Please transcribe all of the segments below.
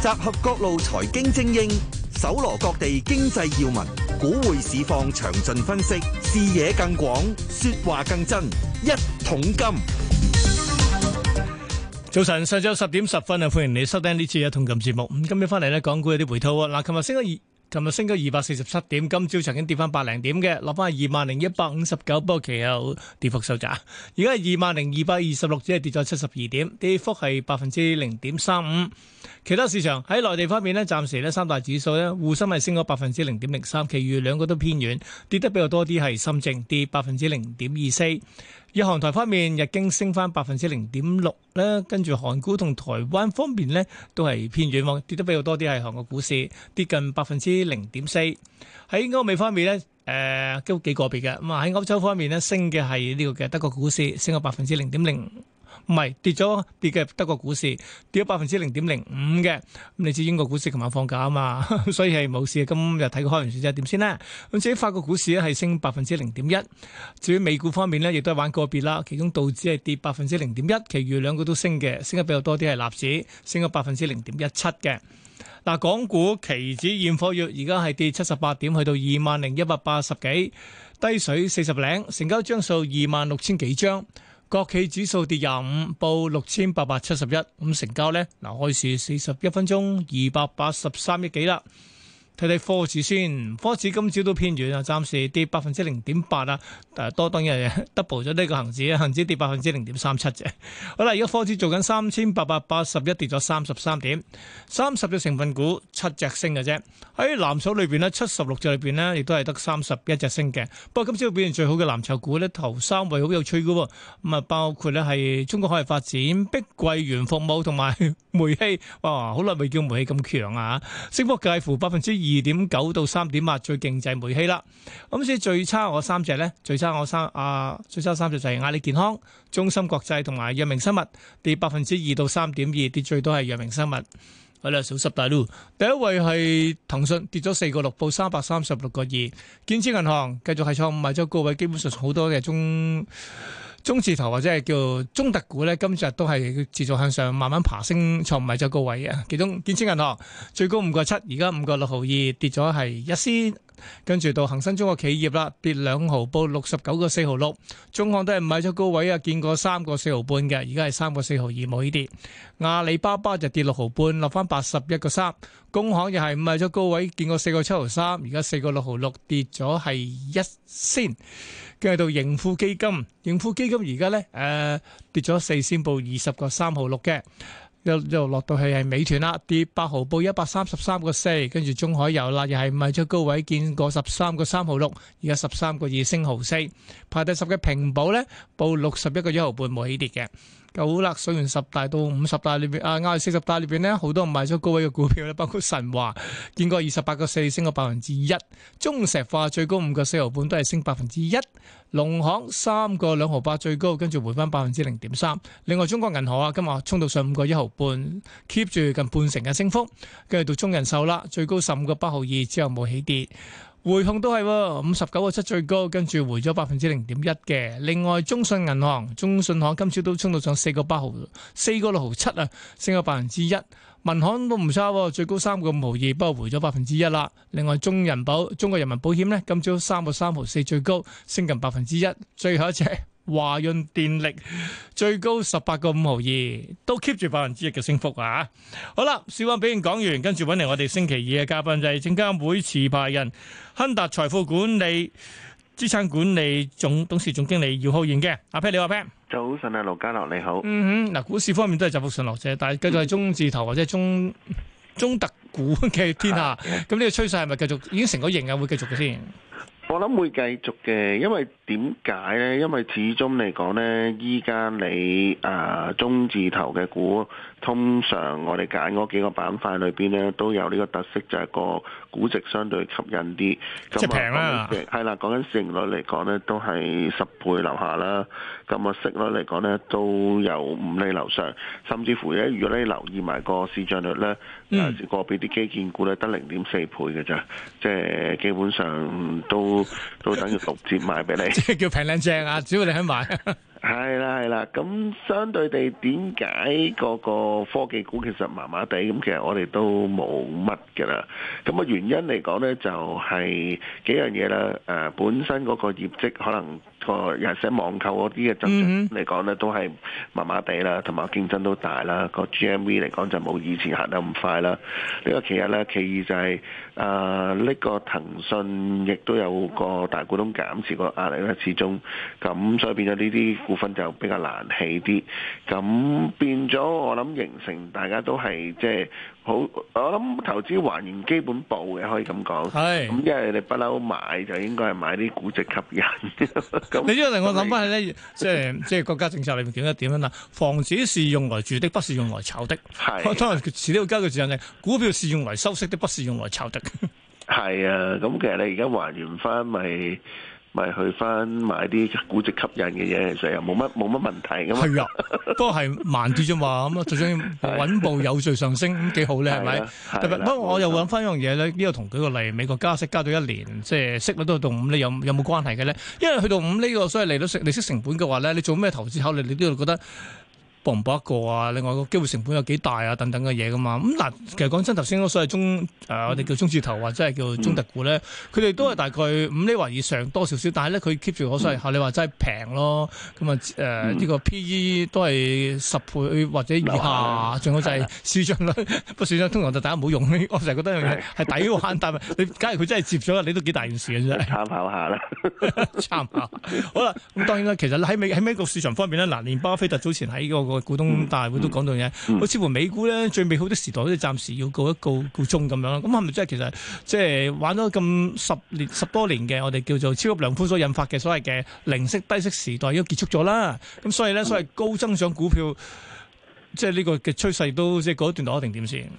集合各路財經精英，搜羅各地經濟要聞，股匯市況詳盡分析，視野更廣，說話更真。一桶金早晨，上晝十點十分啊！歡迎你收聽呢次嘅《一桶金節目》。今日翻嚟咧，港股有啲回吐啊。嗱，琴日升咗二，琴日升咗二百四十七點，今朝曾經跌翻百零點嘅，落翻係二萬零一百五十九，不過其後跌幅收窄，而家係二萬零二百二十六，只係跌咗七十二點，跌幅係百分之零點三五。其他市場喺內地方面咧，暫時呢三大指數呢滬深係升咗百分之零點零三，其餘兩個都偏軟，跌得比較多啲係深證，跌百分之零點二四。日韓台方面，日經升返百分之零點六啦，跟住韓股同台灣方面呢都係偏軟，跌得比較多啲係韓國股市，跌近百分之零點四。喺歐美方面呢，誒都幾個別嘅，咁啊喺歐洲方面呢，升嘅係呢個嘅德國股市，升咗百分之零點零。唔係跌咗跌嘅德國股市跌咗百分之零點零五嘅，咁你知英國股市琴晚放假啊嘛，所以係冇事。今日睇個開盤先啫，點先咧？咁至於法國股市咧係升百分之零點一，至於美股方面呢，亦都係玩個別啦，其中道指係跌百分之零點一，其餘兩個都升嘅，升得比較多啲係納指，升咗百分之零點一七嘅。嗱，港股期指現貨月而家係跌七十八點，去到二萬零一百八十幾，低水四十零，成交張數二萬六千幾張。國企指數跌廿五，報六千八百七十一。咁成交呢，嗱，開市四十一分鐘，二百八十三億幾啦。睇睇科指先，科指今朝都偏軟啊，暫時跌百分之零點八啊，誒多單嘢 double 咗呢個恒指啊，恒指跌百分之零點三七啫。好啦，而家科指做緊三千八百八十一，跌咗三十三點，三十隻成分股七隻升嘅啫。喺藍籌裏邊咧，七十六隻裏邊咧，亦都係得三十一隻升嘅。不過今朝表現最好嘅藍籌股咧，頭三位好有趣噶喎，咁啊包括咧係中國海外發展、碧桂園服務同埋煤氣。哇，好耐未叫煤氣咁強啊，升幅介乎百分之。二點九到三點八最勁就係煤氣啦，咁所以最差嗰三隻呢，最差嗰三啊，最差三隻就係阿里健康、中芯國際同埋藥明生物，跌百分之二到三點二，跌最多係藥明生物。好啦，數十大咯，第一位係騰訊跌咗四個六，報三百三十六個二，建設銀行繼續係創五日最高位，基本上好多嘅中。中字頭或者係叫中特股咧，今日都係持續向上，慢慢爬升，創唔埋咗高位啊！其中建設銀行最高五個七，而家五個六毫二，跌咗係一仙。跟住到恆生中國企業啦，跌兩毫，報六十九個四毫六。中行都係買咗高位啊，見過三個四毫半嘅，而家係三個四毫二，冇起跌。阿里巴巴就跌六毫半，落翻八十一個三。工行又係買咗高位，見過四個七毫三，而家四個六毫六，跌咗係一仙。跟住到盈富基金，盈富基金而家咧誒跌咗四仙，報二十個三毫六嘅。又又落到去係美團啦，跌八毫，報一百三十三個四，跟住中海油啦，又係賣出高位，見過十三個三毫六，而家十三個二升毫四，排第十嘅平保咧，報六十一個一毫半，冇起跌嘅。九啦，水原十大到五十大裏邊，啊、呃，亞四十大裏邊呢好多人賣咗高位嘅股票咧，包括神華，見過二十八個四，升個百分之一；中石化最高五個四毫半，都係升百分之一；農行三個兩毫八最高，跟住回翻百分之零點三。另外，中國銀行啊，今日衝到上五個一毫半，keep 住近半成嘅升幅，跟住到中人壽啦，最高十五個八毫二之後冇起跌。滙控都係喎、哦，五十九個七最高，跟住回咗百分之零點一嘅。另外中信銀行、中信行今朝都衝到上四個八毫，四個六毫七啊，升咗百分之一。民行都唔差、哦，最高三個五毫二，不過回咗百分之一啦。另外中人保、中國人民保險咧，今朝三個三毫四最高，升近百分之一。最後一隻。華潤電力最高十八個五毫二，都 keep 住百分之一嘅升幅啊！好啦，小安表演講完，跟住揾嚟我哋星期二嘅嘉賓就係證監會持牌人亨達財富管理資產管理總董事總經理姚浩然嘅阿、啊、Pat 你好 Pat 早晨啊，盧家樂你好。啊、你好嗯哼，嗱，股市方面都係集福上落啫，但係繼續係中字頭或者中中特股嘅天下。咁呢、啊、個趨勢係咪繼續已經成咗型啊？會繼續嘅先。我諗會繼續嘅，因為點解咧？因為始終嚟講咧，依家你啊中字頭嘅股，通常我哋揀嗰幾個板塊裏邊咧，都有呢個特色，就係個估值相對吸引啲。即係平啦，係啦，講緊市盈率嚟講咧，都係十倍樓下啦。咁啊，息率嚟講咧，都有五厘樓上，甚至乎咧，如果咧你留意埋個市賬率咧，個別啲基建股咧得零點四倍嘅咋，即係基本上都。都等於直接賣俾你，即係叫平靚正啊！只要你肯買，係啦係啦。咁相對地，點解嗰個科技股其實麻麻地？咁其實我哋都冇乜噶啦。咁個原因嚟講咧，就係幾樣嘢啦。誒，本身嗰個業績可能。個有些網購嗰啲嘅增長嚟講咧，都係麻麻地啦，同埋競爭都大啦。個 GMV 嚟講就冇以前行得咁快啦。呢個其一咧，其二就係誒呢個騰訊亦都有個大股東減持個壓力咧，始終咁，所以變咗呢啲股份就比較難起啲。咁變咗我諗形成大家都係即係。就是好，我諗投資還原基本步嘅，可以咁講。係是，咁一係你不嬲買，就應該係買啲估值吸引。咁 樣 你因令我諗翻係咧，即係即係國家政策裏面點樣點樣啦？房子是用來住的，不是用來炒的。係是。當然，似呢個傢俱市場咧，股票是用來收息的，不是用來炒的。係 啊，咁其實你而家還原翻咪？咪去翻買啲估值吸引嘅嘢，其實又冇乜冇乜問題咁嘛。係啊，都係慢啲啫嘛。咁咯，最緊要穩步有序上升，咁幾 好咧，係咪？ 不過我又揾翻一樣嘢咧，呢 個同舉個例，美國加息加咗一年，即係息率都到五你有有冇關係嘅咧？因為去到五呢個，所以嚟到成利息成本嘅話咧，你做咩投資考慮，你都要覺得。搏唔搏？一個啊？另外個機會成本有幾大啊？等等嘅嘢噶嘛？咁嗱，其實講真，頭先嗰所謂中誒、呃、我哋叫中字頭，或者係叫中特股咧，佢哋都係大概五厘或以上多少少，但係咧佢 keep 住嗰所謂，你話真係平咯。咁啊誒呢個 P E 都係十倍或者以下，仲好就係市佔率。不過市佔通常就大家唔好用，我成日覺得係抵底玩。但係你假如佢真係接咗，你都幾大件事嘅啫。參 考下啦，參考。好啦，咁、嗯、當然啦，其實喺美喺美國市場方面咧，嗱，連巴菲特早前喺嗰、那個個股東大會都講到嘢，好似乎美股咧，最美好的時代都暫時要告一告告終咁樣啦，咁係咪即係其實即係玩咗咁十年十多年嘅我哋叫做超級量寬所引發嘅所謂嘅零息低息時代都結束咗啦？咁所以咧，所謂高增長股票，即係呢個嘅趨勢都即係過一段落一定點先。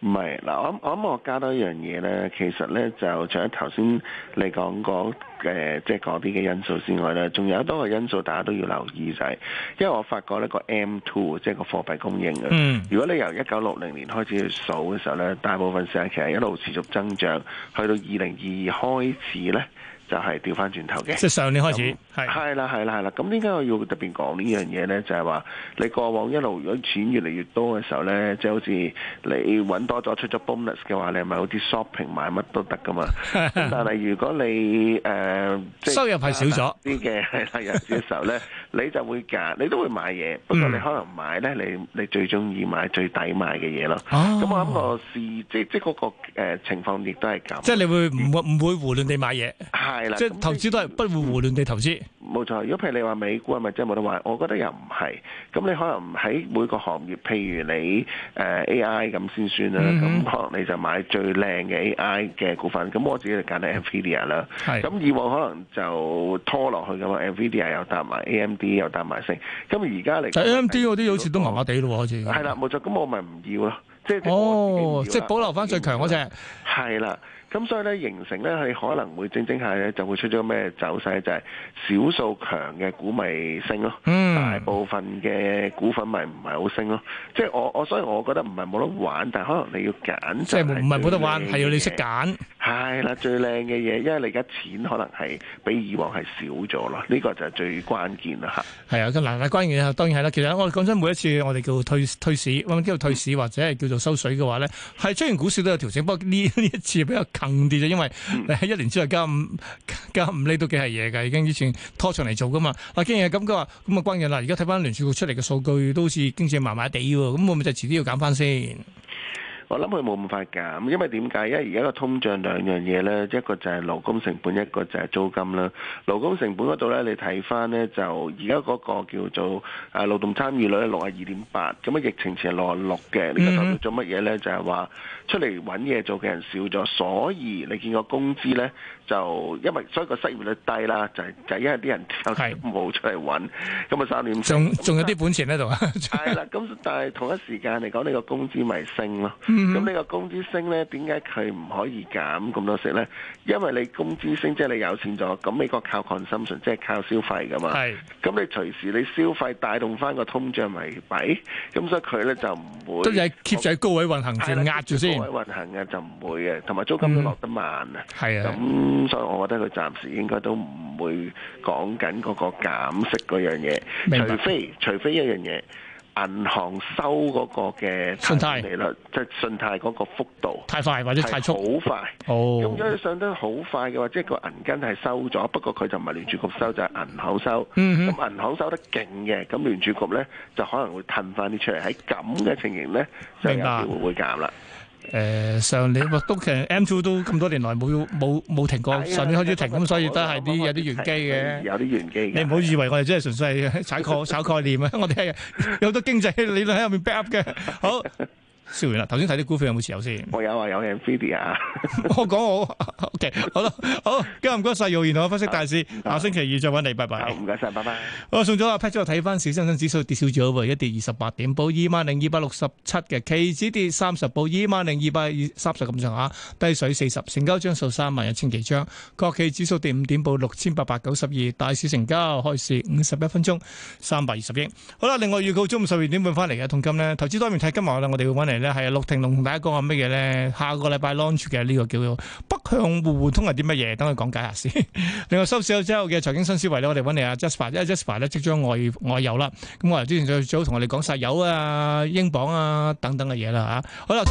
唔係，嗱，我我咁我加多一樣嘢咧，其實咧就除咗頭先你講過嘅即係嗰啲嘅因素之外咧，仲有多個因素大家都要留意就係，因為我發覺呢個 M two 即係個貨幣供應嘅，如果你由一九六零年開始去數嘅時候咧，大部分時間其實一路持續增長，去到二零二二開始咧。就係調翻轉頭嘅，即係上年開始係係啦係啦係啦。咁點解我要特別講呢樣嘢咧？就係話你過往一路如果錢越嚟越多嘅時候咧，即係好似你揾多咗出咗 bonus 嘅話，你係咪好似 shopping 買乜都得噶嘛？咁但係如果你誒收入係少咗啲嘅係啦，有時嘅時候咧，你就會揀，你都會買嘢，不過你可能買咧，你你最中意買最抵買嘅嘢咯。咁我諗個事，即即嗰個誒情況亦都係咁。即係你會唔會唔會胡亂地買嘢？係啦， 即係投資都係不會胡亂地投資，冇錯。如果譬如你話美股係咪真係冇得玩？我覺得又唔係。咁你可能唔喺每個行業，譬如你誒、呃、AI 咁先算啦。咁、嗯嗯、可能你就買最靚嘅 AI 嘅股份。咁我自己就揀咧 Nvidia 啦。咁是以往可能就拖落去噶嘛，Nvidia 又搭埋 AMD 又搭埋升。咁而家嚟講，AMD 嗰啲好似都麻麻地咯，好似係啦，冇錯。咁我咪唔要咯。即係哦，即係保留翻最強嗰隻。係啦。咁所以咧，形成咧，係可能會整整下咧，就會出咗咩走勢，就係少數強嘅股咪升咯，大部分嘅股份咪唔係好升咯。即係我我所以，我，我，以我覺得唔係冇得玩，但係可能你要揀。即係唔係冇得玩，係要你識揀。嗯嗯係啦、哎，最靚嘅嘢，因為你而家錢可能係比以往係少咗咯，呢、這個就係最關鍵啦吓。係 啊，嗱，關鍵當然係啦。其實我哋講真，每一次我哋叫退退市，或者叫做收水嘅話咧，係雖然股市都有調整，不過呢呢一次比較近啲啫，因為你喺一年之內加五加五厘都幾係嘢噶，已經以前拖長嚟做噶嘛。嗱，既然係咁嘅話，咁啊關鍵啦，而家睇翻聯儲局出嚟嘅數據都好似經濟麻麻地，咁我咪就遲啲要減翻先。我諗佢冇咁快減，因為點解？因為而家個通脹兩樣嘢咧，一個就係勞工成本，一個就係租金啦。勞工成本嗰度咧，你睇翻咧，就而家嗰個叫做誒勞動參與率咧，六啊二點八，咁啊疫情前係六啊六嘅。你覺得做乜嘢咧？就係話出嚟揾嘢做嘅人少咗，所以你見個工資咧。就因為所以個失業率低啦，就係就係因為啲人有啲冇出嚟揾，咁啊三年仲仲有啲本錢喺度啊，係啦。咁但係同一時間嚟講，呢個工資咪升咯。咁呢個工資升咧，點解佢唔可以減咁多息咧？因為你工資升即係、就是、你有錢咗，咁美國靠 consumption，即係靠消費㗎嘛。咁你隨時你消費帶動翻個通脹咪弊，咁所以佢咧就唔會即係 keep 住喺高位運行住壓住先。嗯、高位運行嘅就唔會嘅，同埋租金都落得慢啊。係啊、嗯，咁。咁所以，我覺得佢暫時應該都唔會講緊嗰個減息嗰樣嘢，白除非除非一樣嘢，銀行收嗰個嘅信貸利率，即係信貸嗰個幅度太快或者太速好快，哦、用咗佢上得好快嘅話，即係個銀根係收咗，不過佢就唔係聯儲局收，就係、是、銀行收。咁、嗯、哼銀行收得勁嘅，咁聯儲局咧就可能會褪翻啲出嚟。喺咁嘅情形咧，白就有機會,會減啦。誒、呃、上年咪都其實 M2 都咁多年來冇冇冇停過，上年開始停咁。嗯、所以都係啲有啲玄機嘅。有啲玄機嘅，你唔好以為我哋真係純粹炒概 炒概念啊！ 我哋係有好多經濟理論喺入面 back up 嘅。好。 燒完啦！頭先睇啲股票有冇持有先？我有啊，有嘅、啊。Fidia，我講好 O.K. 好啦，好，今日唔該晒，耀，然後分析大市。謝謝下星期二再揾你，拜拜。唔該晒，拜拜。我送咗阿 Pat 再睇翻。市恒生指數跌少咗喎，一跌二十八點，報二萬零二百六十七嘅。期指跌三十，報二萬零二百三十咁上下，低水四十。成交張數三萬一千幾張。國企指數跌五點，報六千八百九十二。大市成交開市五十一分鐘，三百二十億。好啦，另外預告中午十二點半翻嚟嘅一桶金呢投資多面睇，今日我哋會揾你。係啊，陸庭龍同大家講下乜嘢咧？下個禮拜 launch 嘅呢個叫做北向互互通係啲乜嘢？等佢講解下先。另外收市咗之後嘅財經新思維咧，我哋揾你阿 Jasper，阿 Jasper 咧即將外外遊啦。咁我哋之前最早同我哋講石油啊、英鎊啊等等嘅嘢啦吓。好啦，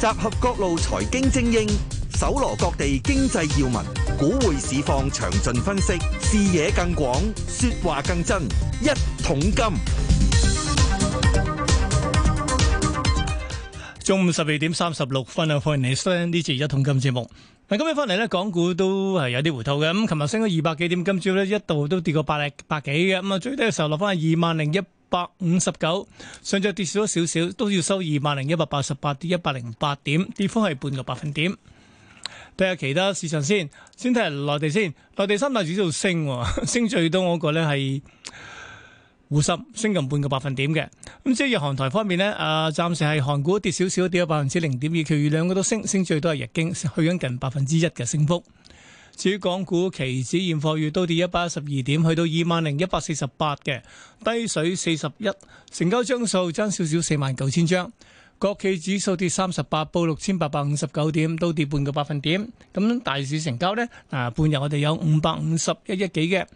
集合各路財經精英，搜羅各地經濟要聞，股匯市況詳盡分析，視野更廣，說話更真，一桶金。中午十二點三十六分啊，歡迎你收聽呢次一桶金節目。嗱，今日翻嚟呢，港股都係有啲回吐嘅。咁琴日升咗二百幾點，今朝呢一度都跌過百零百幾嘅。咁啊，最低嘅時候落翻係二萬零一百五十九，上再跌少少少，都要收二萬零一百八十八，跌一百零八點，跌幅係半個百分點。睇下其他市場先，先睇下內地先。內地三大指數升， 升最多嗰個呢係。滬深升近半個百分點嘅，咁、嗯、即係日韓台方面咧，啊暫時係韓股跌少少，跌咗百分之零點二，其餘兩個都升，升最多係日經去緊近百分之一嘅升幅。至於港股期指現貨，亦都跌一百一十二點，去到二萬零一百四十八嘅低水四十一，成交張數增少少四萬九千張。國企指數跌三十八，報六千八百五十九點，都跌半個百分點。咁、嗯、大市成交呢，嗱、啊、半日我哋有五百五十一億幾嘅。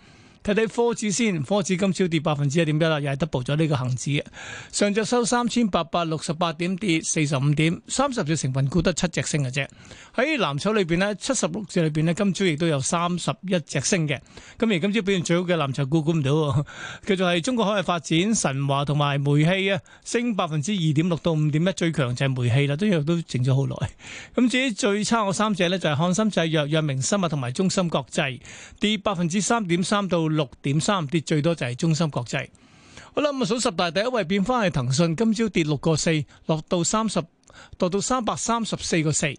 睇睇科指先，科指今朝跌百分之一點一啦，又係突破咗呢個恆指嘅。上晝收三千八百六十八點，跌四十五點，三十隻成分股得七隻升嘅啫。喺藍籌裏邊咧，七十六隻裏邊咧，今朝亦都有三十一隻升嘅。咁而今朝表現最好嘅藍籌股估唔到喎，叫做係中國海外發展、神華同埋煤氣啊，升百分之二點六到五點一，最強就係煤氣啦，都又都靜咗好耐。咁至於最差嘅三隻咧，就係翰森製藥、藥明生物同埋中芯國際，跌百分之三點三到。六點三，跌最多就係中芯國際，好啦，咁數十大第一位變翻係騰訊，今朝跌六個四，落到三十，落到三百三十四個四。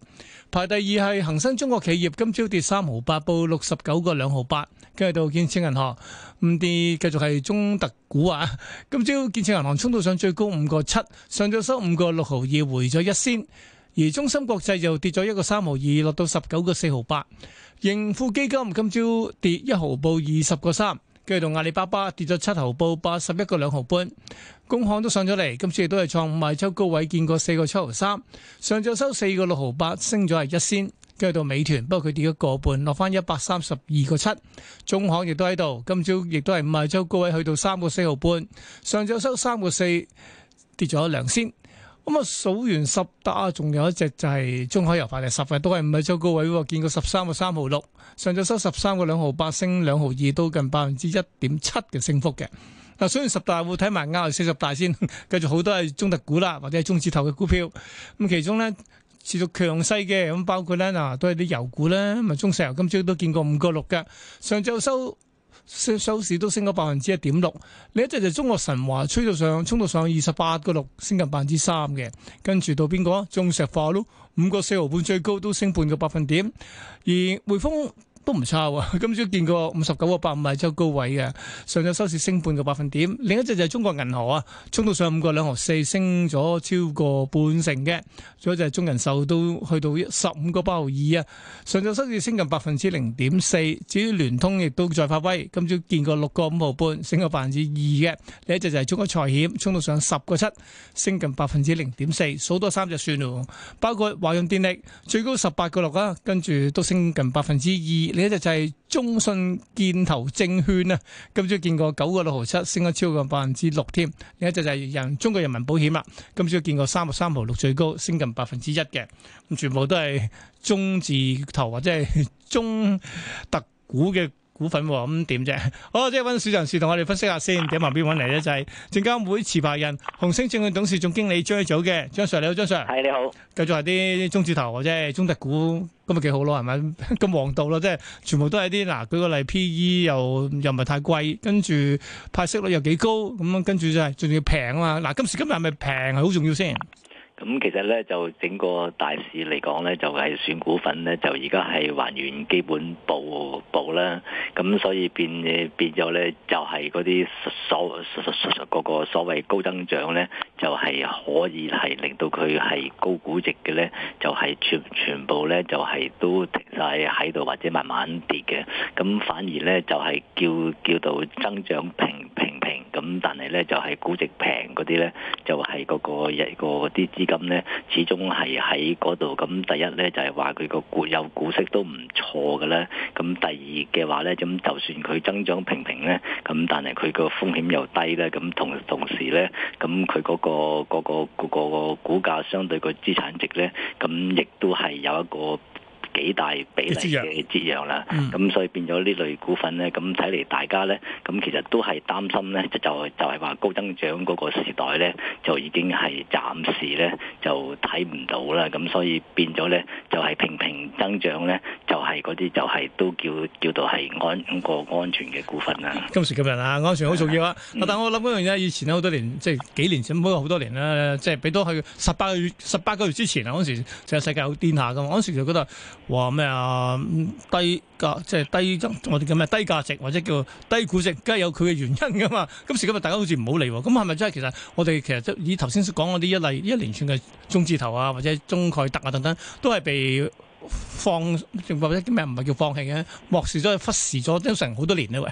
排第二係恒生中國企業，今朝跌三毫八，報六十九個兩毫八。跟住到建設銀行，五跌繼續係中特股啊，今朝建設銀行衝到上最高五個七，上咗收五個六毫二，回咗一仙。而中心國際就跌咗一個三毫二，落到十九個四毫八。盈富基金今朝跌一毫，報二十個三。跟住到阿里巴巴跌咗七毫，報八十一個兩毫半。工行都上咗嚟，今次亦都係創五賣週高位，見過四個七毫三。上晝收四個六毫八，升咗係一仙。跟住到美團，不過佢跌咗個半，落翻一百三十二個七。中行亦都喺度，今朝亦都係五賣週高位，去到三個四毫半。上晝收三個四，跌咗兩仙。咁啊，數完十大，仲有一隻就係中海油發力，十份都係唔係最高位喎，見過十三個三毫六，上晝收十三個兩毫八，升兩毫二，都近百分之一點七嘅升幅嘅。啊，數完十大股睇埋啱，四十大先，繼續好多係中特股啦，或者係中字頭嘅股票。咁其中咧持續強勢嘅，咁包括咧嗱，都係啲油股啦，咪中石油今朝都見過五個六嘅，上晝收。收市都升咗百分之一點六，呢一隻就中國神華，吹到上，衝到上二十八個六，升近百分之三嘅，跟住到邊個啊？中石化咯，五個四毫半最高都升半個百分點，而匯豐。都唔差喎、啊，今朝見過五十九個百五喺周高位嘅，上晝收市升半個百分點。另一隻就係中國銀行啊，衝到上五個兩毫四，升咗超過半成嘅。再就係中人壽都去到十五個八毫二啊，上晝收市升近百分之零點四。至於聯通亦都再發威，今朝見過六個五毫半，升個百分之二嘅。另一隻就係中國財險，衝到上十個七，升近百分之零點四，數多三隻算咯。包括華潤電力最高十八個六啊，跟住都升近百分之二。另一隻就係中信建投證券啊，今朝見過九個六毫七，升咗超過百分之六添。另一隻就係人中國人民保險啦，今朝見過三個三毫六最高，升近百分之一嘅。咁全部都係中字頭或者係中特股嘅。股份喎咁點啫？ 好，即係揾小陳士同我哋分析下先。點旁邊嚟咧？就係證監會持牌人，紅星證券董事總經理張一祖嘅張 Sir 你好，張 Sir 係、哎、你好。繼續係啲中字頭或者，中特股今日幾好咯，係咪咁旺道咯？即係全部都係啲嗱，舉個例，P E 又又唔係太貴，跟住派息率又幾高，咁樣跟住就係、是、仲要平啊嘛。嗱，今時今日係咪平係好重要先？咁其實咧就整個大市嚟講咧，就係、是、選股份咧就而家係還原基本步步啦，咁所以變嘅咗咧就係嗰啲所所所個所謂高增長咧就係、是、可以係令到佢係高估值嘅咧就係、是、全全部咧就係、是、都停晒喺度或者慢慢跌嘅，咁反而咧就係、是、叫叫到增長平平平，咁但係咧就係、是、估值平嗰啲咧就係、是、嗰、那個一個啲咁咧，始終係喺嗰度。咁第一咧，就係話佢個股有股息都唔錯嘅啦。咁第二嘅話咧，咁就算佢增長平平咧，咁但係佢個風險又低咧。咁同同時咧，咁佢嗰個嗰個嗰個股價相對個資產值咧，咁亦都係有一個幾大比例嘅折讓啦，咁、嗯、所以變咗呢類股份咧，咁睇嚟大家咧，咁其實都係擔心咧，就係、就係、是、話高增長嗰個時代咧，就已經係暫時咧就睇唔到啦，咁所以變咗咧就係平平增長咧，就係嗰啲就係都叫叫做係安個安全嘅股份啦。今時今日啊，安全好重要啊！啊嗯、但我諗嗰樣嘢，以前好多年，即係幾年前唔好講好多年啦，即係俾到去十八個月十八個月之前啊，嗰時就成個世界好癲下噶嘛，嗰時就覺得。話咩啊？低價即係低我哋叫咩低價值或者叫低估值，梗係有佢嘅原因噶嘛？今時今日大家好似唔好理喎？咁係咪真係其實我哋其實以頭先講嗰啲一例一連串嘅中字頭啊，或者中概特啊等等，都係被放或者啲咩唔係叫放棄嘅，漠視咗、忽視咗都成好多年啦？喂，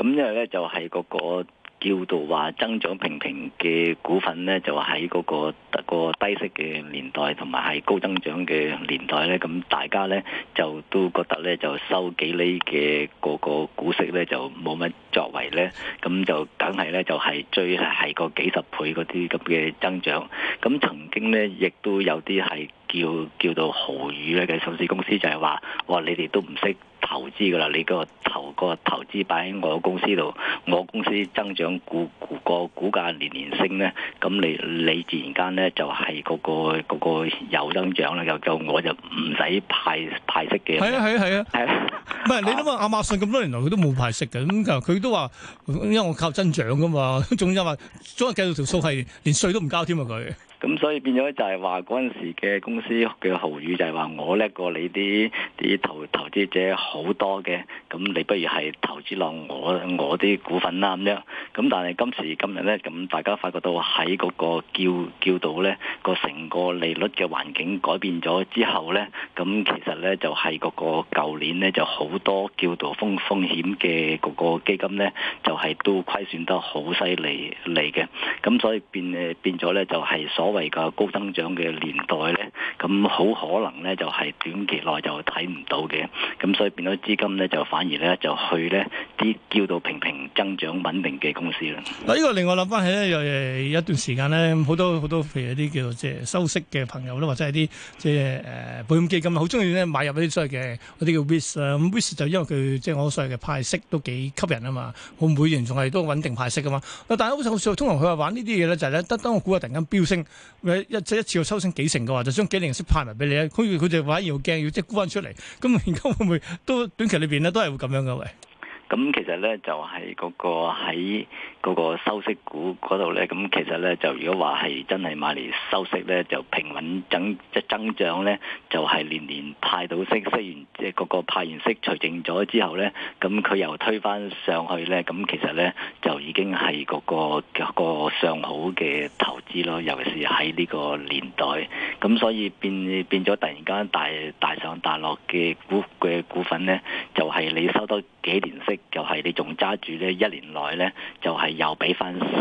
咁一嚟咧就係嗰、嗰個。叫做話增長平平嘅股份呢，就喺嗰、嗰個特、嗰個低息嘅年代，同埋係高增長嘅年代呢。咁大家呢，就都覺得呢，就收幾厘嘅個個股息呢，就冇乜。作為咧，咁就梗係咧，就係最係個幾十倍嗰啲咁嘅增長。咁曾經咧，亦都有啲係叫叫做豪語咧嘅上市公司，就係話：哇！你哋都唔識投資噶啦，你個投個投資擺喺我公司度，我公司增長股股個股價年年升咧，咁你你自然間咧就係、嗰個、嗰個嗰個有增長啦，又就我就唔使派派息嘅。係啊係啊係啊！啊。唔係、啊、 你諗下亞馬遜咁多年來佢都冇派息嘅，咁其實佢。都話，因為我靠增長噶嘛，仲要話，總係計到條數，啊，係連稅都唔交添啊佢。咁所以變咗就係話嗰陣時嘅公司嘅豪語就係話我叻過你啲啲投投資者好多嘅，咁你不如係投資落我我啲股份啦咁樣，咁但係今時今日咧，咁大家發覺到喺嗰個叫叫到咧個成個利率嘅環境改變咗之後咧，咁其實咧就係嗰個舊年咧就好多叫做風風險嘅嗰個基金咧，就係都虧損得好犀利嚟嘅。咁所以變誒變咗咧就係所為嘅高增長嘅年代咧，咁好可能咧就係短期內就睇唔到嘅，咁所以變咗資金咧就反而咧就去咧啲叫做平平增長穩定嘅公司啦。嗱，呢個另外諗翻起咧，有誒一段時間咧，好多好多譬如一啲叫即係收息嘅朋友啦，或者係啲即係誒保險基金啊，好中意咧買入一啲所謂嘅嗰啲叫 Wish 啦，咁 Wish 就因為佢即係我所謂嘅派息都幾吸引啊嘛，我每年仲係都穩定派息噶嘛。但係好通常佢話玩呢啲嘢咧，就係咧得等我估下，突然間飆升。一一一次要抽成幾成嘅話，就將幾零息派埋俾你啊！好似佢哋反而又驚，要即係沽翻出嚟。咁而家會唔會都短期裏邊咧，都係會咁樣嘅喂？咁其實呢，就係嗰個喺嗰個收息股嗰度呢。咁其實呢，就如果話係真係買嚟收息呢，就平穩增即增，增長呢，就係年年派到息，雖然即係嗰個派完息除淨咗之後呢，咁佢又推返上去呢。咁其實呢，就已經係嗰個個上好嘅投資咯，尤其是喺呢個年代，咁所以變變咗突然間大大上大落嘅股嘅股份呢，就係、係、你收多幾年息。就係你仲揸住呢一年內呢，就係又俾翻晒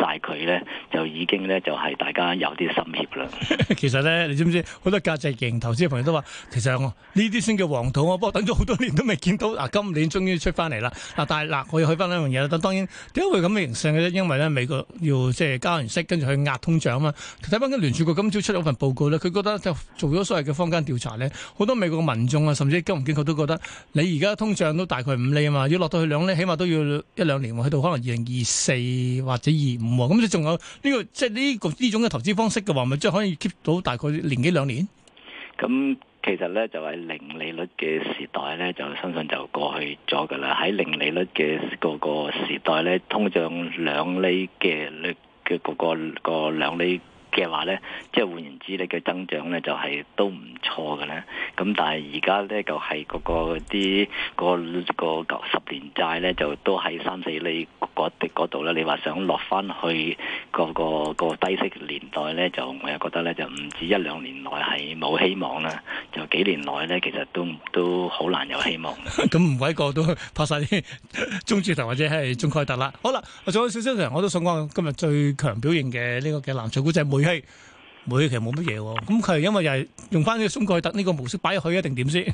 曬佢呢，就已經呢，就係大家有啲心怯啦。其實呢，你知唔知好多價值型投資嘅朋友都話，其實呢啲先叫黃土啊！不過等咗好多年都未見到，嗱、啊、今年終於出翻嚟啦。但係嗱、啊，我要去翻另一樣嘢啦。咁當然，點解會咁嘅形勢嘅咧？因為呢，美國要即係加完息，跟住去壓通脹啊嘛。睇翻個聯儲局今朝出咗份報告呢，佢覺得就做咗所謂嘅坊間調查呢，好多美國嘅民眾啊，甚至經唔經佢都覺得你而家通脹都大概五厘啊嘛。要落到去兩咧，起碼都要一兩年喎，去到可能二零二四或者二五喎，咁你仲有呢個即係呢個呢種嘅投資方式嘅話，咪即係可以 keep 到大概年幾兩年？咁其實咧就係零利率嘅時代咧，就相信就過去咗㗎喇。喺零利率嘅嗰個時代咧，通脹兩厘嘅率嘅嗰個個兩厘。嘅話咧，即係換言之咧，嘅增長咧就係、是，都唔錯嘅咧。咁但係而家咧就係嗰、那個啲、那個、那個十十年債咧，就都喺三四厘嗰度啦。你話想落翻去嗰個、那個那個低息年代咧，就我又覺得咧就唔止一兩年內係冇希望啦。就幾年內咧，其實都都好難有希望。咁唔鬼過都拍晒啲中字頭或者係中概股啦。好啦，我仲有少少嘅，我都想講今日最強表現嘅呢個嘅藍籌股仔。係係煤氣其實冇乜嘢。咁佢係因為又係用翻呢個松蓋特呢個模式擺入去啊，定點先？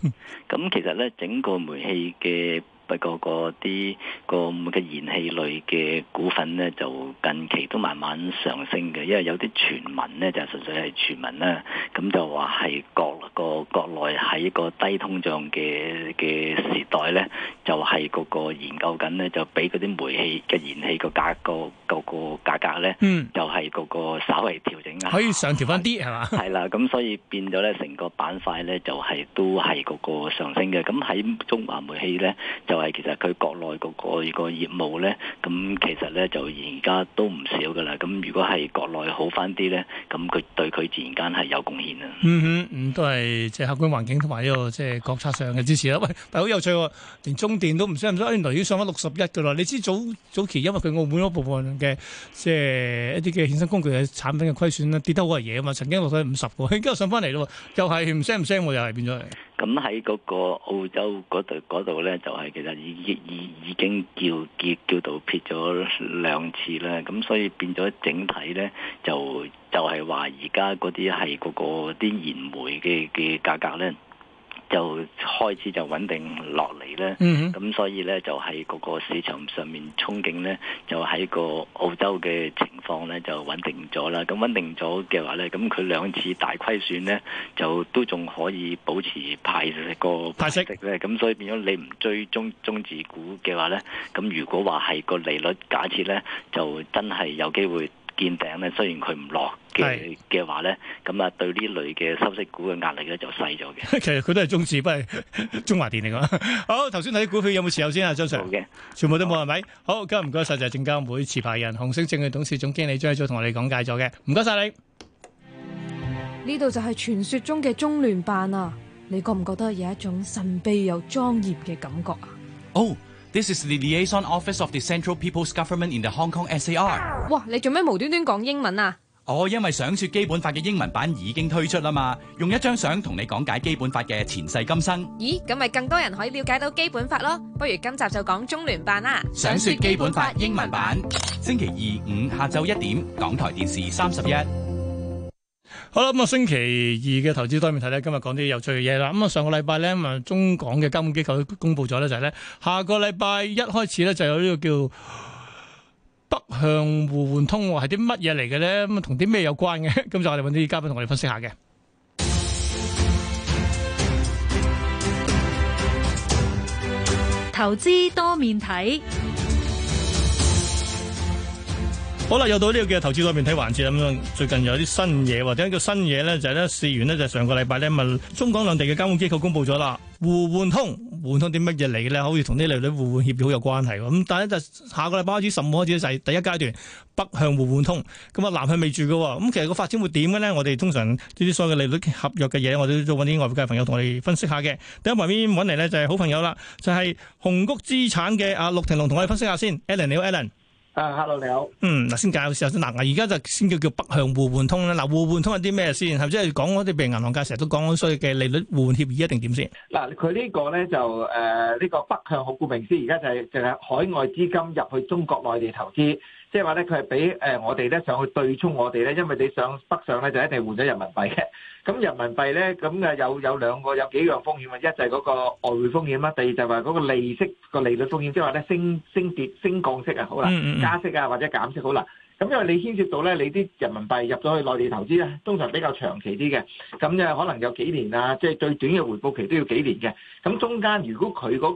咁其實咧，整個煤氣嘅。不過嗰啲個燃氣類嘅股份咧，就近期都慢慢上升嘅，因為有啲傳聞咧，就純粹係傳聞啦。咁就話係國個國內喺一個低通脹嘅嘅時代咧，就係嗰個研究緊咧，就俾嗰啲煤氣嘅燃氣個價個個個價格咧，嗯，就係嗰個稍微調整啊，可以上調翻啲係嘛？係啦，咁所以變咗咧，成個板塊咧就係都係嗰個上升嘅。咁喺中華煤氣咧。就係其實佢國內嗰個個業務咧，咁其實咧就而家都唔少噶啦。咁如果係國內好翻啲咧，咁佢對佢自然間係有貢獻啊、嗯。嗯哼，咁都係即係客觀環境同埋呢個即係國策上嘅支持啦。喂，但係好有趣喎、哦，連中電都唔聲唔聲，原來已經上咗六十一噶啦。你知早早期因為佢澳門嗰部分嘅即係一啲嘅衍生工具嘅產品嘅虧損啦，跌得好係嘢啊嘛，曾經落到五十個，而家上翻嚟咯，又係唔聲唔聲喎，又係變咗。咁喺嗰個澳洲嗰度嗰度咧，就係其實已已已已經叫叫叫到撇咗兩次啦。咁所以變咗整體咧，就就係話而家嗰啲係嗰個啲燃煤嘅嘅價格咧，就開始就穩定落嚟咧，咁、嗯、哼所以咧就喺、是、個市場上面憧憬咧，就喺個澳洲嘅情況咧就穩定咗啦。咁穩定咗嘅話咧，咁佢兩次大虧損咧，就都仲可以保持派個派息值咧。咁色所以變咗你唔追中中資股嘅話咧，咁如果話係個利率假設咧，就真係有機會。見頂咧，雖然佢唔落嘅嘅話咧，咁啊對呢類嘅收息股嘅壓力咧就細咗嘅。其實佢都係中字，不係中華電力啊。好，頭先睇股票有冇持有先啊，張 Sir。好嘅，全部都冇係咪？好，今日唔該晒，就係證監會持牌人紅星證券董事總經理張偉聰同我哋講解咗嘅，唔該晒你。呢度就係傳說中嘅中聯辦啊！你覺唔覺得有一種神秘又莊嚴嘅感覺啊？哦。This is the liaison office of the Central People's Government in the Hong Kong SAR。哇，你做咩無端端講英文啊？哦，因為《想說基本法》嘅英文版已經推出啦嘛，用一張相同你講解《基本法》嘅前世今生。咦，咁咪更多人可以了解到《基本法》咯？不如今集就講中聯辦啦。想說《基本法》英文版，文版星期二五下晝一點，港台電視三十一。好啦，咁啊，星期二嘅投資多面睇咧，今日講啲有趣嘅嘢啦。咁啊，上個禮拜咧，咁啊，中港嘅金融機構都公布咗咧，就係咧，下個禮拜一開始咧，就有呢個叫北向互換通，係啲乜嘢嚟嘅咧？咁啊，同啲咩有關嘅？今集我哋揾啲嘉賓同我哋分析下嘅。投資多面睇。好啦，又到呢、這個嘅投資入邊睇環節啦。咁樣最近有啲新嘢，或者叫新嘢咧，就係咧試完呢，就，是，就上個禮拜咧，咪中港兩地嘅監管機構公布咗啦，互換通，互換通點乜嘢嚟嘅咧？好似同啲利率互換協議好有關係。咁但係咧，下個禮拜開始，十五開始就係第一階段北向互換通，咁啊南向未住噶。咁其實個發展會點嘅咧？我哋通常呢啲所有嘅利率合約嘅嘢，我哋都搵啲外匯界朋友同我哋分析下嘅。第一旁邊揾嚟咧就係好朋友啦，就係，是，紅谷資產嘅阿陸庭龍同我哋分析下先。Alan 你好，Alan。Ellen 啊，hello，你好。嗯，嗱，先介紹先，嗱，而家就先叫叫北向互換通啦。嗱、啊，互換通係啲咩先？頭先係講嗰啲，譬如銀行界成日都講所謂嘅利率互換協議，一定點先？嗱，佢呢個咧就誒，呢、呃這個北向好顧名思，而家就係淨係海外資金入去中國內地投資。即係話咧，佢係俾誒我哋咧上去對沖我哋咧，因為你上北上咧就一定換咗人民幣嘅。咁人民幣咧，咁誒有有兩個有幾樣風險啊，一就係嗰個外匯風險啦，第二就係話嗰個利息個利率風險，即係話咧升升跌升降息啊，好啦，加息啊或者減息好啦。咁因為你牽涉到咧，你啲人民幣入咗去內地投資咧，通常比較長期啲嘅，咁就可能有幾年啊，即係最短嘅回報期都要幾年嘅。咁中間如果佢嗰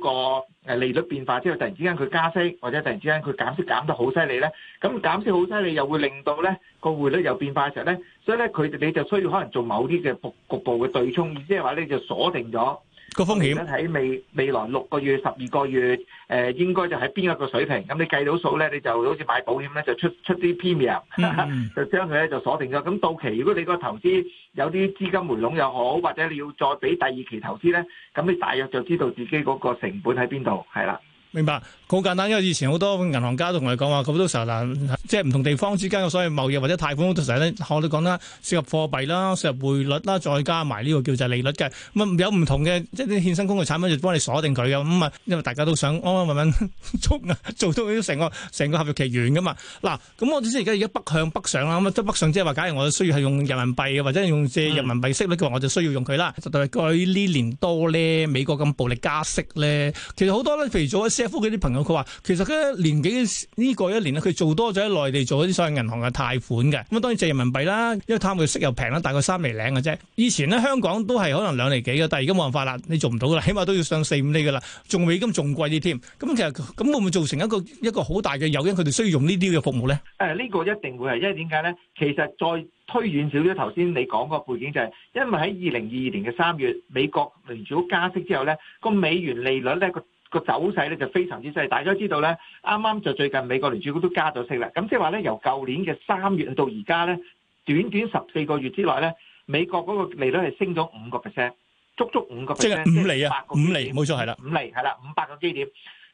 個利率變化之後，突然之間佢加息，或者突然之間佢減息減得好犀利咧，咁減息好犀利又會令到咧個匯率又變化嘅時候咧，所以咧佢哋你就需要可能做某啲嘅局部嘅對沖，即係話咧就鎖定咗。個風險，喺未未來六個月、十二個月，誒、呃，應該就喺邊一個水平？咁你計到數咧，你就好似買保險咧，就出出啲 premium 就將佢咧就鎖定咗。咁到期如果你個投資有啲資金回籠又好，或者你要再俾第二期投資咧，咁你大約就知道自己嗰個成本喺邊度，係啦，明白。好簡單，因為以前好多銀行家都同我講話，好多時候即係唔同地方之間嘅所謂貿易或者貸款，好多時候咧，我都講啦，涉及貨幣啦，涉及匯率啦，再加埋呢個叫做利率嘅。咁有唔同嘅即係啲衍生工具產品，就幫你鎖定佢嘅。咁、嗯、啊，因為大家都想安安穩穩做啊，做到成個成個合約期完嘅嘛。嗱，咁我哋先而家而家北向北上啦，咁北上，即係話假如我需要係用人民幣嘅，或者用借人民幣息、嗯、息率嘅話，我就需要用佢啦。就對佢呢年多咧，美國咁暴力加息咧，其實好多咧，譬如早喺 CFU 嗰啲朋友佢話其實嗰年幾呢個一年咧，佢做多咗喺內地做啲所謂銀行嘅貸款嘅。咁啊當然借人民幣啦，因為貪佢息又平啦，大概三厘零嘅啫。以前咧，香港都係可能兩厘幾嘅，但係而家冇辦法啦，你做唔到啦，起碼都要上四五厘嘅啦，仲未咁仲貴啲添。咁其實咁會唔會造成一個一個好大嘅誘因，佢哋需要用呢啲嘅服務咧？誒、啊，呢個一定會係，因為點解咧？其實再推遠少少，頭先你講個背景就係，因為喺二零二二年嘅三月，美國聯儲加息之後咧，個美元利率咧個走勢咧就非常之犀利。大家知道咧，啱啱就最近美國聯儲局都加咗息啦。咁即係話咧，由舊年嘅三月到而家咧，短短十四個月之內咧，美國嗰個利率係升咗五個 percent，足足五個 percent，即係五厘啊，五厘冇錯係啦，五厘係啦，五百個基點。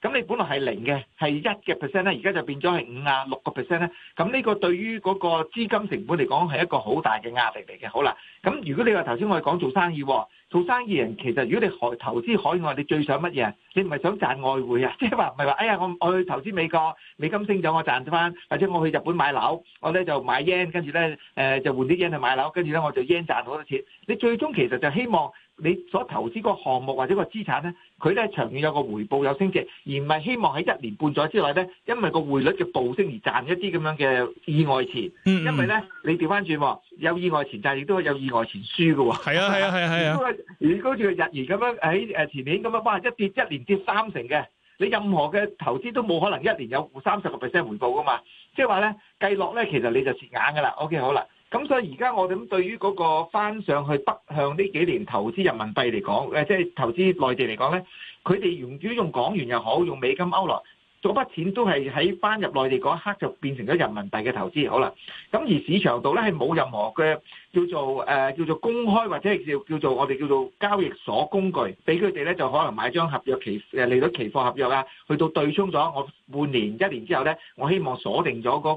咁你本來係零嘅，係一嘅 percent 咧，而家就變咗係五啊六個 percent 咧。咁呢個對於嗰個資金成本嚟講係一個好大嘅壓力嚟嘅。好啦，咁如果你話頭先我哋講做生意，做生意人其實如果你投資海外，你最想乜嘢？你唔係想賺外匯啊？即係話唔係話，哎呀我我去投資美國，美金升咗我賺翻，或者我去日本買樓，我咧就買 yen，跟住咧誒就換啲 yen 去買樓，跟住咧我就 yen 賺好多錢。你最終其實就希望。你所投資個項目或者個資產咧，佢咧長遠有個回報有升值，而唔係希望喺一年半載之內咧，因為個匯率嘅暴升而賺一啲咁樣嘅意外錢。嗯，嗯，因為咧你調翻轉，有意外錢賺，但亦都有意外錢輸嘅、哦。係啊係啊係啊係啊！如果好似日元咁樣喺誒前年咁樣，哇一跌一年跌三成嘅，你任何嘅投資都冇可能一年有三十個 percent 回報噶嘛。即係話咧計落咧，其實你就蝕硬㗎啦。OK 好啦。咁所以而家我哋咁對於嗰個翻上去北向呢幾年投資人民幣嚟講，誒即係投資內地嚟講咧，佢哋用於用港元又好，用美金歐羅，嗰筆錢都係喺翻入內地嗰一刻就變成咗人民幣嘅投資，好啦。咁而市場度咧係冇任何嘅叫做誒、呃、叫做公開或者係叫叫做我哋叫做交易所工具，俾佢哋咧就可能買張合約期誒利率期貨合約啊，去到對沖咗，我半年一年之後咧，我希望鎖定咗嗰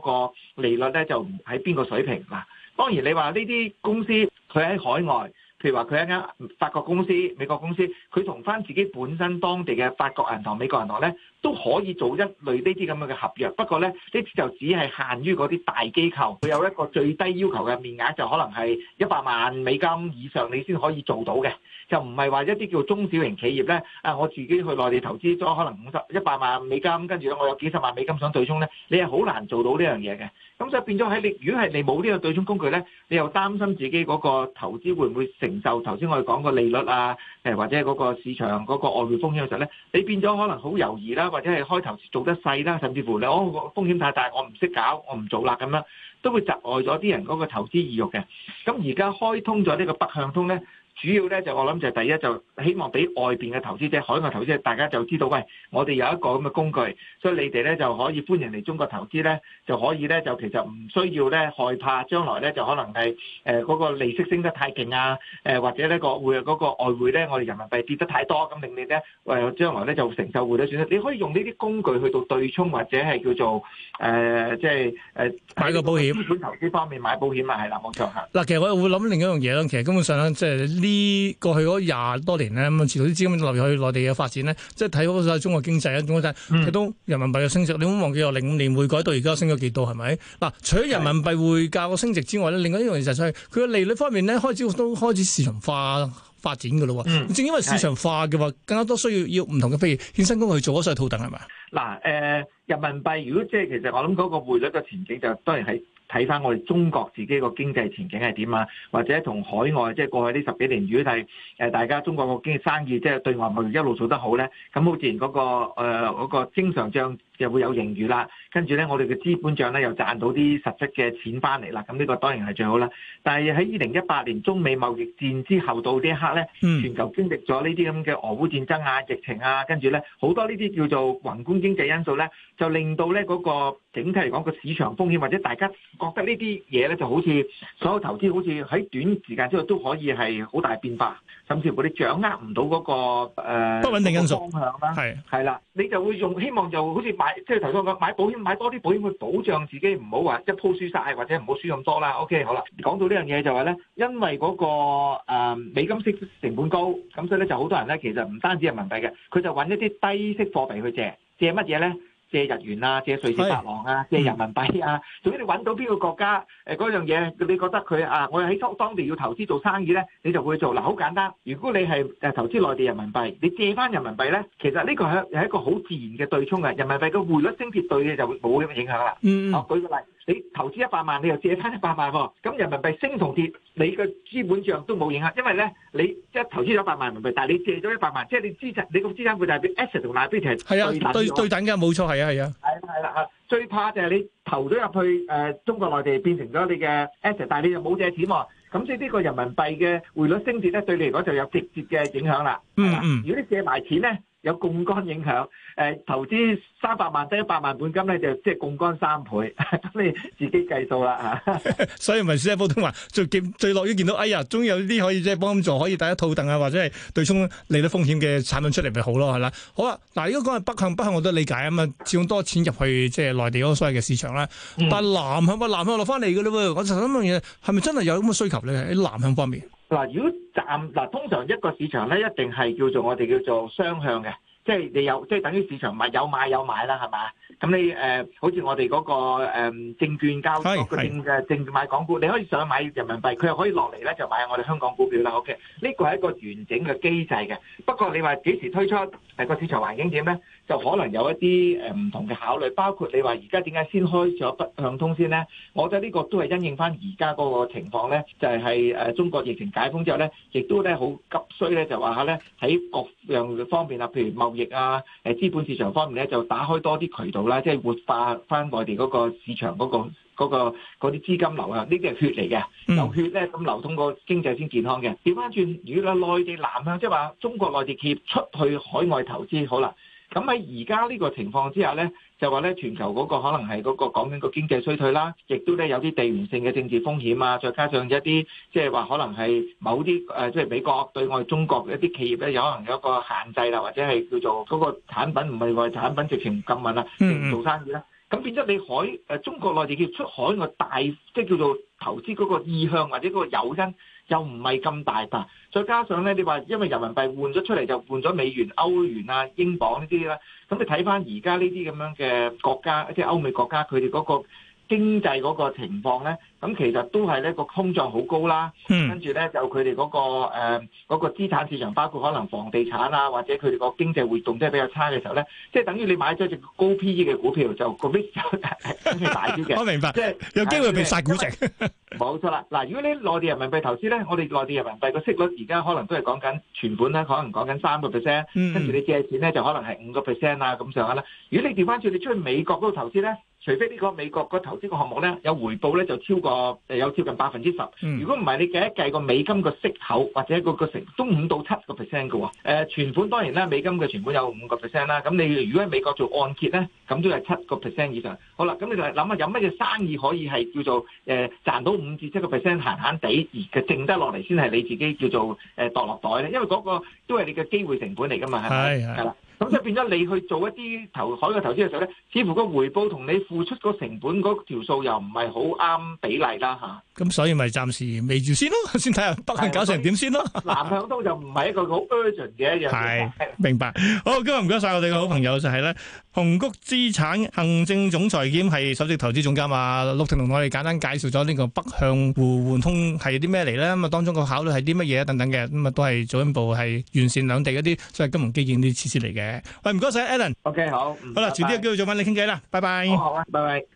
個利率咧就唔喺邊個水平嗱？當然，你話呢啲公司佢喺海外，譬如話佢一間法國公司、美國公司，佢同返自己本身當地嘅法國銀行、美國銀行呢。都可以做一類呢啲咁樣嘅合約，不過呢，呢啲就只係限於嗰啲大機構，佢有一個最低要求嘅面額就可能係一百萬美金以上，你先可以做到嘅。就唔係話一啲叫中小型企業呢。啊我自己去內地投資咗可能五十一百萬美金，跟住我有幾十萬美金想對沖呢，你係好難做到呢樣嘢嘅。咁所以變咗喺你，如果係你冇呢個對沖工具呢，你又擔心自己嗰個投資會唔會承受頭先我哋講個利率啊，誒或者嗰個市場嗰個外匯風險嘅時候呢，你變咗可能好猶豫啦。或者係開頭做得細啦，甚至乎你我風險太大，我唔識搞，我唔做啦，咁樣都會窒礙咗啲人嗰個投資意欲嘅。咁而家開通咗呢個北向通咧。主要咧就我諗就第一就希望俾外邊嘅投資者、海外投資者，大家就知道，喂，我哋有一個咁嘅工具，所以你哋咧就可以歡迎嚟中國投資咧，就可以咧就其實唔需要咧害怕將來咧就可能係誒嗰個利息升得太勁啊，誒或者呢個會嗰個外匯咧我哋人民幣跌得太多咁令你咧，喂、呃，將來咧就承受匯率損失，你可以用呢啲工具去到對沖或者係叫做誒即係誒買個保險，資本投資方面買保險啊，係啦，冇錯嚇。嗱，其實我又會諗另一樣嘢咯，其實根本上即係。啲過去嗰廿多年咧咁啊，前頭啲資金流入去內地嘅發展咧，即係睇嗰個中國經濟啊，總體睇到人民幣嘅升值。你唔好忘記，由零五年匯改到而家升咗幾多，係咪？嗱、啊，除咗人民幣匯價嘅升值之外咧，另外一樣嘢就係佢嘅利率方面咧，開始都開始市場化發展嘅咯喎。嗯、正因為市場化嘅話，更加多需要要唔同嘅，譬如衍生工具做嗰勢套戥係咪？嗱，誒、嗯嗯、人民幣如果即係其實我諗嗰個匯率嘅前景就當然係。睇返我哋中國自己個經濟前景係點啊？或者同海外即係，就是，過去呢十幾年，如果係誒大家中國個經濟生意即係，就是，對外貿易一路做得好咧，咁好似嗰個誒嗰，呃那個經常帳，又會有盈餘啦，跟住咧，我哋嘅資本帳咧又賺到啲實質嘅錢翻嚟啦，咁、這、呢個當然係最好啦。但係喺二零一八年中美貿易戰之後到呢一刻咧，全球經歷咗呢啲咁嘅俄烏戰爭啊、疫情啊，跟住咧好多呢啲叫做宏觀經濟因素咧，就令到咧、那、嗰個整體嚟講個市場風險，或者大家覺得呢啲嘢咧就好似所有投資好似喺短時間之內都可以係好大變化，甚至乎你掌握唔到嗰個誒、呃、不穩定因素方向啦，係係啦，你就會用希望就好似即係頭先講買保險買多啲保險去保障自己，唔好話一鋪輸晒，或者唔好輸咁多啦。OK，好啦，講到呢樣嘢就話咧，因為嗰個、呃、美金息成本高，咁所以咧就好多人咧其實唔單止係人民幣嘅，佢就揾一啲低息貨幣去借，借乜嘢咧？借日元啊，借瑞士法郎啊，借的人民幣啊，總之，你揾到邊個國家誒嗰樣嘢，你覺得佢啊，我喺當當地要投資做生意咧，你就會做嗱。好、嗯、簡單，如果你係誒投資內地人民幣，你借翻人民幣咧，其實呢個係係一個好自然嘅對沖嘅、啊，人民幣嘅匯率升跌對你就會冇咁影響啦。嗯 嗯。我、哦、舉個例。你投資一百萬，你又借翻一百萬喎，咁、哦、人民幣升同跌，你嘅資本帳都冇影響，因為咧，你一投資咗一百萬人民幣，但係你借咗一百萬，即係你資產、啊，你個資產負債表 asset 同 asset 係對等嘅，冇錯，係啊，係啊，係啦、啊啊，最怕就係你投咗入去誒、呃、中國內地，變成咗你嘅 asset， 但係你又冇借錢喎，咁即係呢個人民幣嘅匯率升跌咧，對你嚟講就有直接嘅影響啦。啊、嗯嗯，如果你借埋錢咧。有槓桿影響，誒、呃、投資三百萬得一百萬本金咧，就即係槓桿三倍，咁 你自己計數啦嚇。 所以咪係師傅都話，最最樂於見到，哎呀，終於有啲可以即係幫助，可以第一套凳啊，或者係對沖利率風險嘅產品出嚟，咪好咯，係啦。好啊，嗱，如果講係北向北向我都理解啊嘛，始終多錢入去即係內地嗰個所謂嘅市場啦。嗯、但係南向啊，南向落翻嚟㗎啦喎，我就諗一樣嘢，係咪真係有咁嘅需求咧？喺南向方面。嗱，如果站嗱、啊，通常一個市場咧，一定係叫做我哋叫做雙向嘅，即係你有，即係等於市場咪有買有賣啦，係咪？咁你誒、呃，好似我哋嗰、嗰個誒、呃、證券交易所嘅證券買港股，你可以上買人民幣，佢又可以落嚟咧就買我哋香港股票啦。OK，呢個係一個完整嘅機制嘅。不過你話幾時推出，誒個市場環境點咧，就可能有一啲誒唔同嘅考慮，包括你話而家點解先開咗北向通先咧？我覺得呢個都係因應翻而家嗰個情況咧，就係、係、誒中國疫情解封之後咧，亦都咧好急需咧，就話下咧喺各樣方面啊，譬如貿易啊、誒資本市場方面咧，就打開多啲渠道。啦，即係活化翻內地嗰個市場嗰個嗰個嗰啲資金流啊，呢啲係血嚟嘅，流血咧，咁流通個經濟先健康嘅。調翻轉，如果內地南向，即係話中國內地企業出去海外投資，好啦，咁喺而家呢個情況之下咧。就話咧，全球嗰個可能係嗰、嗰個講緊個經濟衰退啦，亦都咧有啲地緣性嘅政治風險啊，再加上一啲即係話可能係某啲誒、呃，即係美國對我哋中國一啲企業咧，有可能有一個限制啦，或者係叫做嗰個產品唔係外產品直、啊，直情唔禁運啊，唔做生意啦。咁變咗你海誒、呃、中國內地叫出海個大，即係叫做投資嗰個意向或者嗰個誘因又唔係咁大吧？再加上咧，你話因為人民幣換咗出嚟就換咗美元、歐元啊、英鎊呢啲啦，咁你睇返而家呢啲咁樣嘅國家，即係歐美國家，佢哋嗰個經濟嗰個情況咧？咁其實都係咧、嗯嗰個通脹好高啦，跟住咧就佢哋嗰個誒嗰個資產市場，包括可能房地產啊，或者佢哋個經濟活動都係比較差嘅時候咧，即係等於你買咗隻高 P E 嘅股票，就個 risk 係大啲嘅。 我明白，即係是有機會被殺估值。冇 錯啦，嗱，如果你內地人民幣投資咧，我哋內地人民幣個息率而家可能都係講緊存款咧，可能講緊三個 percent，跟住你借錢咧就可能係五個 percent 啦咁上下啦。如果你調返轉你出去美國嗰度投資咧？除非呢個美國個投資個項目咧有回報咧就超過誒、呃、有接近百分之十，嗯、如果唔係你計一計個美金個息口或者個成都五到七個 percent 嘅喎，存款當然啦，美金嘅存款有五個 percent 啦，咁你如果喺美國做按揭咧，咁都係七個 percent 以上。好啦，咁你就係諗下有乜嘢生意可以係叫做誒、呃、賺到五至七個 percent 閒閒地而佢剩得落嚟先係你自己叫做誒墮落袋咧，因為嗰個都係你嘅機會成本嚟㗎嘛，係咪的？係的。咁就係變咗你去做一啲投海嘅投資嘅時候咧，似乎個回報同你付出個成本嗰條數又唔係好啱比例啦吓。咁所以咪暫時未住先咯，先睇下北向搞成點先咯。南、嗯、向都就唔係一個好 urgent 嘅一樣。係、嗯， 明白。好，今日唔該晒我哋嘅好朋友、嗯、就係咧，紅谷資產行政總裁兼係首席投資總監啊陸庭龍同我哋簡單介紹咗呢個北向互換通係啲咩嚟咧？咁啊當中個考慮係啲乜嘢等等嘅，咁啊都係進一步係完善兩地嗰啲所謂金融基建啲設施嚟嘅。喂，唔該晒，Alan。O.K. 好。好啦，遲啲有機會做翻你傾偈啦，拜拜。好啊，拜拜。